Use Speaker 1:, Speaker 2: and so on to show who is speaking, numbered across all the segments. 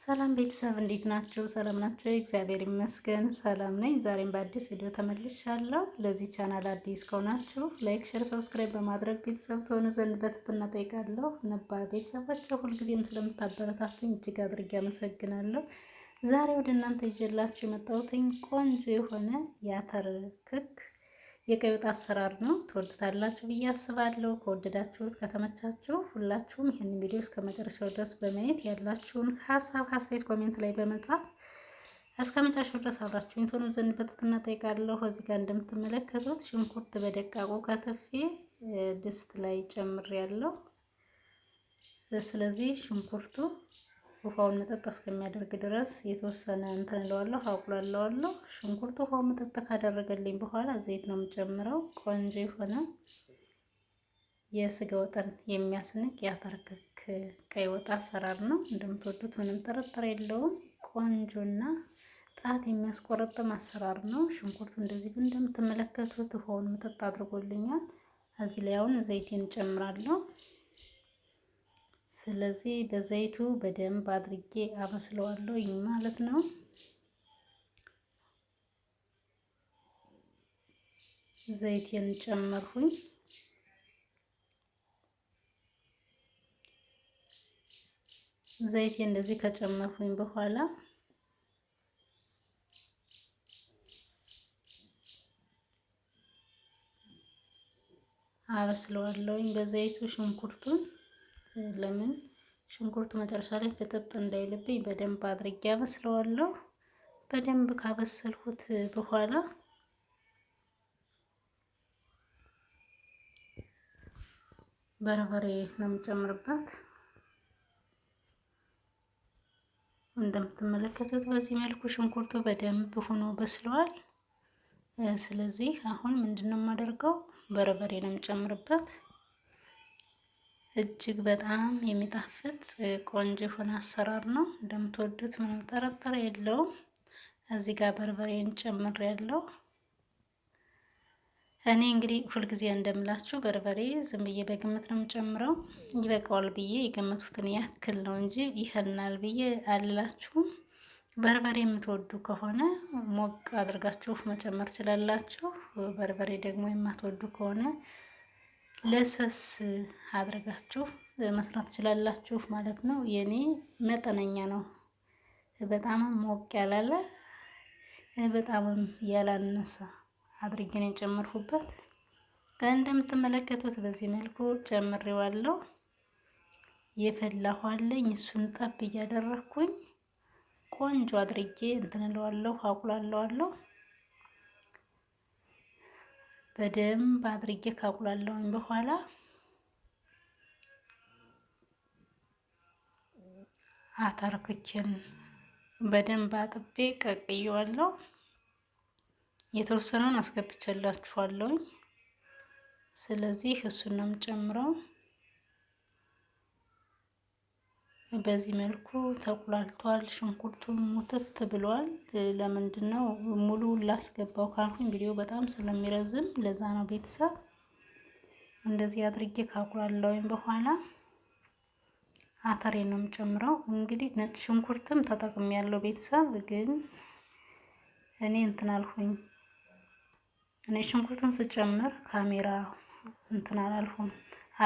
Speaker 1: ሰላም ቤተሰብ እንዴት ናችሁ? ሰላም ናችሁ? እግዚአብሔር ይመስገን ሰላም ነኝ። ዛሬም በአዲስ ቪዲዮ ተመልሻለሁ። ለዚህ ቻናል አዲስ ከሆናችሁ ላይክ፣ ሸር ሰብስክራይብ በማድረግ ቤተሰብ ትሆኑ ዘንድ በትህትና ጠይቃለሁ። ነባር ቤተሰባቸው ሁልጊዜም ስለምታበረታቱኝ እጅግ አድርጌ አመሰግናለሁ። ዛሬ ወደ እናንተ ይዤላችሁ የመጣሁትኝ ቆንጆ የሆነ የአተር ክክ የቀይወጥ አሰራር ነው። ትወዱታላችሁ ብዬ አስባለሁ። ከወደዳችሁት ከተመቻችሁ ሁላችሁም ይህን ቪዲዮ እስከ መጨረሻው ድረስ በማየት ያላችሁን ሀሳብ አስተያየት ኮሜንት ላይ በመጻፍ እስከ መጨረሻው ድረስ አብራችሁኝ ትሆኑ ዘንድ በትህትና ጠይቃለሁ። እዚህ ጋር እንደምትመለከቱት ሽንኩርት በደቃቁ ከትፌ ድስት ላይ ጨምሬያለሁ። ስለዚህ ሽንኩርቱ ውሃውን መጠጥ እስከሚያደርግ ድረስ የተወሰነ እንትን እለዋለሁ፣ አቁላለዋለሁ። ሽንኩርት ውሃው መጠጥ ካደረገልኝ በኋላ ዘይት ነው የምጨምረው። ቆንጆ የሆነ የስጋ ወጥን የሚያስንቅ የአተር ቀይ ወጥ አሰራር ነው። እንደምትወዱት ምንም ጥርጥር የለውም። ቆንጆና ጣት የሚያስቆረጥም አሰራር ነው። ሽንኩርቱ እንደዚህ እንደምትመለከቱት ውሃውን መጠጥ አድርጎልኛል። እዚህ ላይ አሁን ዘይቴን እጨምራለሁ። ስለዚህ በዘይቱ በደንብ አድርጌ አበስለዋለሁ ማለት ነው። ዘይቴን ጨመርሁኝ። ዘይቴ እንደዚህ ከጨመርሁኝ በኋላ አበስለዋለሁኝ በዘይቱ ሽንኩርቱን ለምን ሽንኩርቱ መጨረሻ ላይ ፍጥጥ እንዳይልብኝ በደንብ አድርጌ አበስለዋለሁ። በደንብ ካበሰልኩት በኋላ በርበሬ ነው የምጨምርበት። እንደምትመለከቱት በዚህ መልኩ ሽንኩርቱ በደንብ ሆኖ በስለዋል። ስለዚህ አሁን ምንድን ነው የማደርገው? በርበሬ ነው የምጨምርበት። እጅግ በጣም የሚጣፍጥ ቆንጆ የሆነ አሰራር ነው። እንደምትወዱት ምንም ጠረጠር የለውም። እዚህ ጋር በርበሬን ጨምር ያለው እኔ እንግዲህ ሁልጊዜ እንደምላችሁ በርበሬ ዝም ብዬ በግምት ነው የምጨምረው። ይበቃዋል ብዬ የገመቱትን ያክል ነው እንጂ ይህልናል ብዬ አልላችሁም። በርበሬ የምትወዱ ከሆነ ሞቅ አድርጋችሁ መጨመር ትችላላችሁ። በርበሬ ደግሞ የማትወዱ ከሆነ ለሰስ አድርጋችሁ መስራት ትችላላችሁ ማለት ነው። የኔ መጠነኛ ነው። በጣም ሞቅ ያላለ በጣም ያላነሰ አድርጌ ነው እንደምትመለከቱት በዚህ መልኩ ጨምሬዋለሁ። የፈላኋለኝ እሱን ጠብ እያደረግኩኝ ቆንጆ አድርጌ እንትንለዋለሁ አቁላለዋለሁ። በደንብ አድርጌ ካቁላለውኝ በኋላ አተርክችን በደንብ አጥቤ ቀቅየዋለሁ። የተወሰነውን አስገብቼላችኋለሁኝ። ስለዚህ እሱን ነው የምጨምረው። በዚህ መልኩ ተቁላልቷል። ሽንኩርቱ ሙትት ብሏል። ለምንድን ነው ሙሉ ላስገባው ካልኩኝ ቪዲዮ በጣም ስለሚረዝም ለዛ ነው ቤተሰብ። እንደዚህ አድርጌ ካቁላለሁኝ በኋላ አተሬ ነው የምጨምረው። እንግዲህ ነጭ ሽንኩርትም ተጠቅም ያለው ቤተሰብ ግን እኔ እንትን አልሁኝ። እኔ ሽንኩርቱን ስጨምር ካሜራ እንትን አላልሁም፣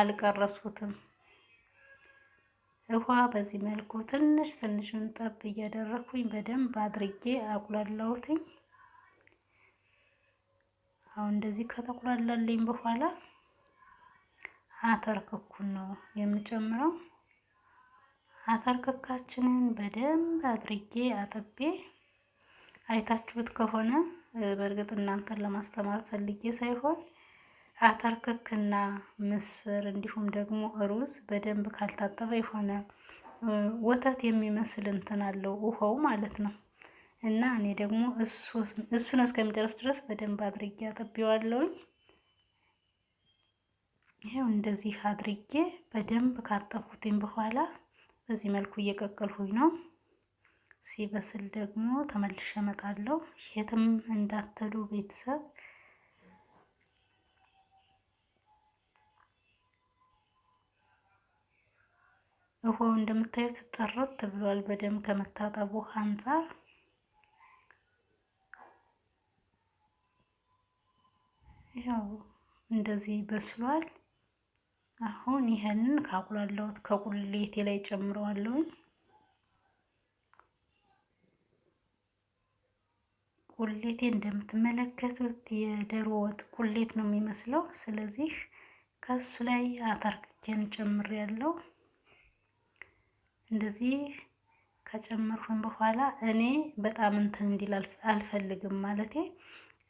Speaker 1: አልቀረስኩትም። ውሃ በዚህ መልኩ ትንሽ ትንሽን ጠብ እያደረኩኝ በደንብ አድርጌ አቁላላውትኝ። አሁን እንደዚህ ከተቁላላልኝ በኋላ አተር ክኩን ነው የምጨምረው። አተር ክካችንን በደንብ አድርጌ አጥቤ አይታችሁት ከሆነ በእርግጥ እናንተን ለማስተማር ፈልጌ ሳይሆን አተር ክክና ምስር እንዲሁም ደግሞ ሩዝ በደንብ ካልታጠበ የሆነ ወተት የሚመስል እንትን አለው ውሃው ማለት ነው። እና እኔ ደግሞ እሱን እስከሚጨርስ ድረስ በደንብ አድርጌ አጠቢዋለሁ ይኸው እንደዚህ አድርጌ በደንብ ካጠፉትኝ በኋላ በዚህ መልኩ እየቀቀልሁኝ ነው። ሲበስል ደግሞ ተመልሼ እመጣለሁ። የትም እንዳትሉ ቤተሰብ ውሃው እንደምታዩት ጥርት ብሏል። በደንብ ከመታጠቡ አንጻር ያው እንደዚህ በስሏል። አሁን ይህንን ካቁላለሁት ከቁሌቴ ላይ ጨምረዋለሁኝ። ቁሌቴ እንደምትመለከቱት የደሮ ወጥ ቁሌት ነው የሚመስለው። ስለዚህ ከሱ ላይ አተርክቼን ጨምር ጨምሬያለሁ። እንደዚህ ከጨመርኩኝ በኋላ እኔ በጣም እንትን እንዲል አልፈልግም ማለቴ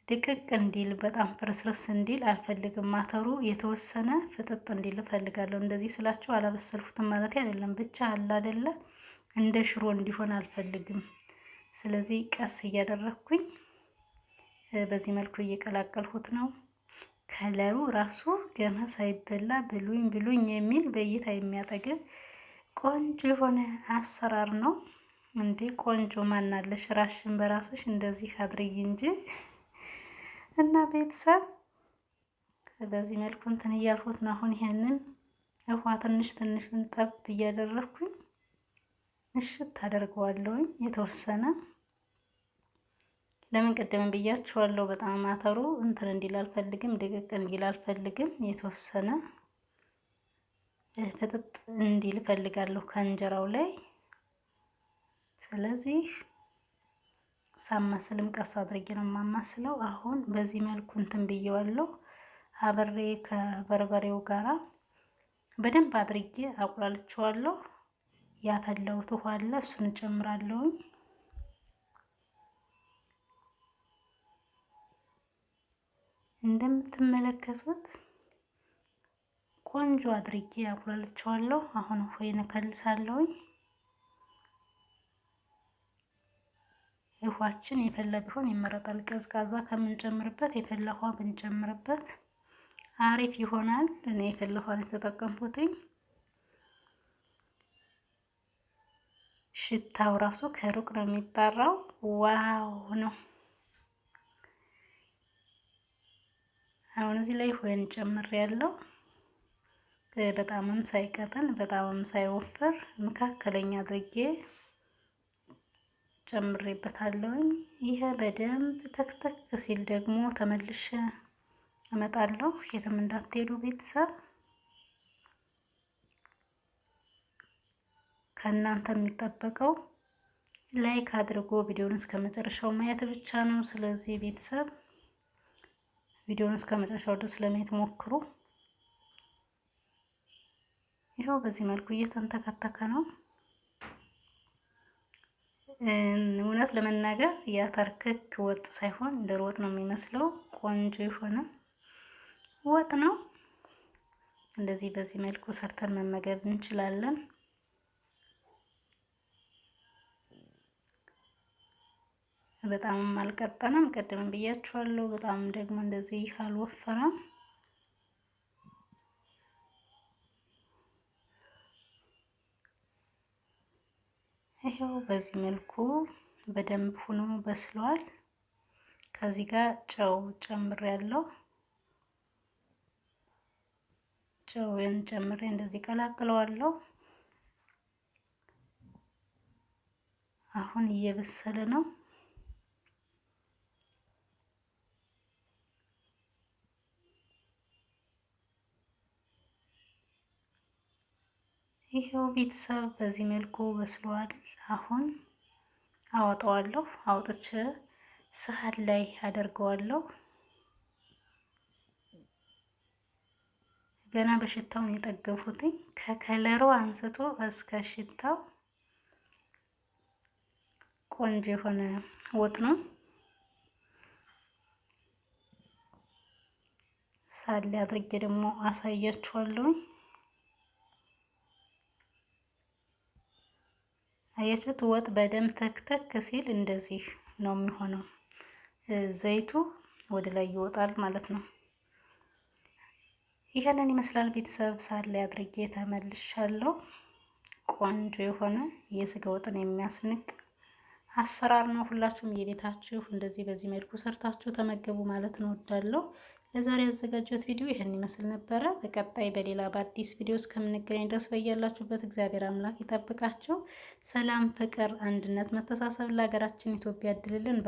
Speaker 1: ድቅቅ እንዲል በጣም ፍርስርስ እንዲል አልፈልግም። አተሩ የተወሰነ ፍጥጥ እንዲል እፈልጋለሁ። እንደዚህ ስላቸው አላበሰልኩትም ማለት አይደለም፣ ብቻ አለ አይደለ እንደ ሽሮ እንዲሆን አልፈልግም። ስለዚህ ቀስ እያደረግኩኝ በዚህ መልኩ እየቀላቀልሁት ነው። ከለሩ ራሱ ገና ሳይበላ ብሉኝ ብሉኝ የሚል በእይታ የሚያጠግብ ቆንጆ የሆነ አሰራር ነው እንዴ! ቆንጆ ማናለሽ ራሽን በራስሽ እንደዚህ አድርጊ እንጂ እና ቤተሰብ በዚህ መልኩ እንትን እያልኩት ነው። አሁን ይሄንን ውሃ ትንሽ ትንሹን ጠብ እያደረግኩኝ እሽት ታደርገዋለሁኝ የተወሰነ ለምን ቅድም ብያችኋለሁ። በጣም አተሩ እንትን እንዲል አልፈልግም፣ ድቅቅ እንዲል አልፈልግም። የተወሰነ ተጥጥ እንዲል ፈልጋለሁ ከእንጀራው ላይ። ስለዚህ ሳማስልም ቀስ አድርጌ ነው የማማስለው። አሁን በዚህ መልኩ እንትን ብየዋለሁ። አብሬ ከበርበሬው ጋራ በደንብ አድርጌ አቁላልቼዋለሁ። ያፈላሁት ውሃ አለ፣ እሱን እጨምራለሁኝ። እንደምትመለከቱት ቆንጆ አድርጌ አቁላልቸዋለሁ። አሁን ሆይን እከልሳለሁኝ። ውሃችን የፈላ ቢሆን ይመረጣል። ቀዝቃዛ ከምንጨምርበት የፈላ ውሃ ብንጨምርበት አሪፍ ይሆናል። እኔ የፈላ ውሃ ነው የተጠቀምኩትኝ። ሽታው ራሱ ከሩቅ ነው የሚጣራው። ዋው ነው። አሁን እዚህ ላይ ሆይን ጨምሬ ያለው በጣምም ሳይቀጠን በጣምም ሳይወፍር መካከለኛ አድርጌ ጨምሬበታለሁኝ። ይሄ በደንብ ተክተክ ሲል ደግሞ ተመልሼ እመጣለሁ። የትም እንዳትሄዱ ቤተሰብ። ከእናንተ የሚጠበቀው ላይክ አድርጎ ቪዲዮን እስከ መጨረሻው ማየት ብቻ ነው። ስለዚህ ቤተሰብ ቪዲዮን እስከ መጨረሻው ድረስ ለማየት ሞክሩ። ቆንጆ በዚህ መልኩ እየተንተከተከ ነው። እውነት ለመናገር የአተር ክክ ወጥ ሳይሆን ደሮ ወጥ ነው የሚመስለው። ቆንጆ የሆነ ወጥ ነው። እንደዚህ በዚህ መልኩ ሰርተን መመገብ እንችላለን። በጣም አልቀጠነም፣ ቅድም ብያችኋለሁ። በጣም ደግሞ እንደዚህ አልወፈረም። ይሄው በዚህ መልኩ በደንብ ሆኖ በስሏል። ከዚህ ጋር ጨው ጨምር ያለው ጨውን ጨምሬ እንደዚህ ቀላቅለዋለሁ። አሁን እየበሰለ ነው። ይሄው ቤተሰብ በዚህ መልኩ በስሏል። አሁን አወጣዋለሁ። አውጥቼ ሰሃን ላይ አደርገዋለሁ። ገና በሽታውን የጠገፉትኝ ከከለሩ አንስቶ እስከ ሽታው ቆንጆ የሆነ ወጥ ነው። ሳሌ አድርጌ ደግሞ አሳያችኋለሁኝ። አያችሁት? ወጥ በደንብ ተክተክ ሲል እንደዚህ ነው የሚሆነው። ዘይቱ ወደ ላይ ይወጣል ማለት ነው። ይህንን ይመስላል ቤተሰብ። ሳር ላይ አድርጌ ተመልሻለሁ። ቆንጆ የሆነ የስጋ ወጥን የሚያስንቅ አሰራር ነው። ሁላችሁም የቤታችሁ እንደዚህ በዚህ መልኩ ሰርታችሁ ተመገቡ ማለት ነው። ወዳለሁ። ለዛሬ ያዘጋጀሁት ቪዲዮ ይህን ይመስል ነበረ። በቀጣይ በሌላ በአዲስ ቪዲዮ እስከምንገናኝ ድረስ በያላችሁበት እግዚአብሔር አምላክ ይጠብቃችሁ። ሰላም፣ ፍቅር፣ አንድነት፣ መተሳሰብ ለሀገራችን ኢትዮጵያ ያድልልን።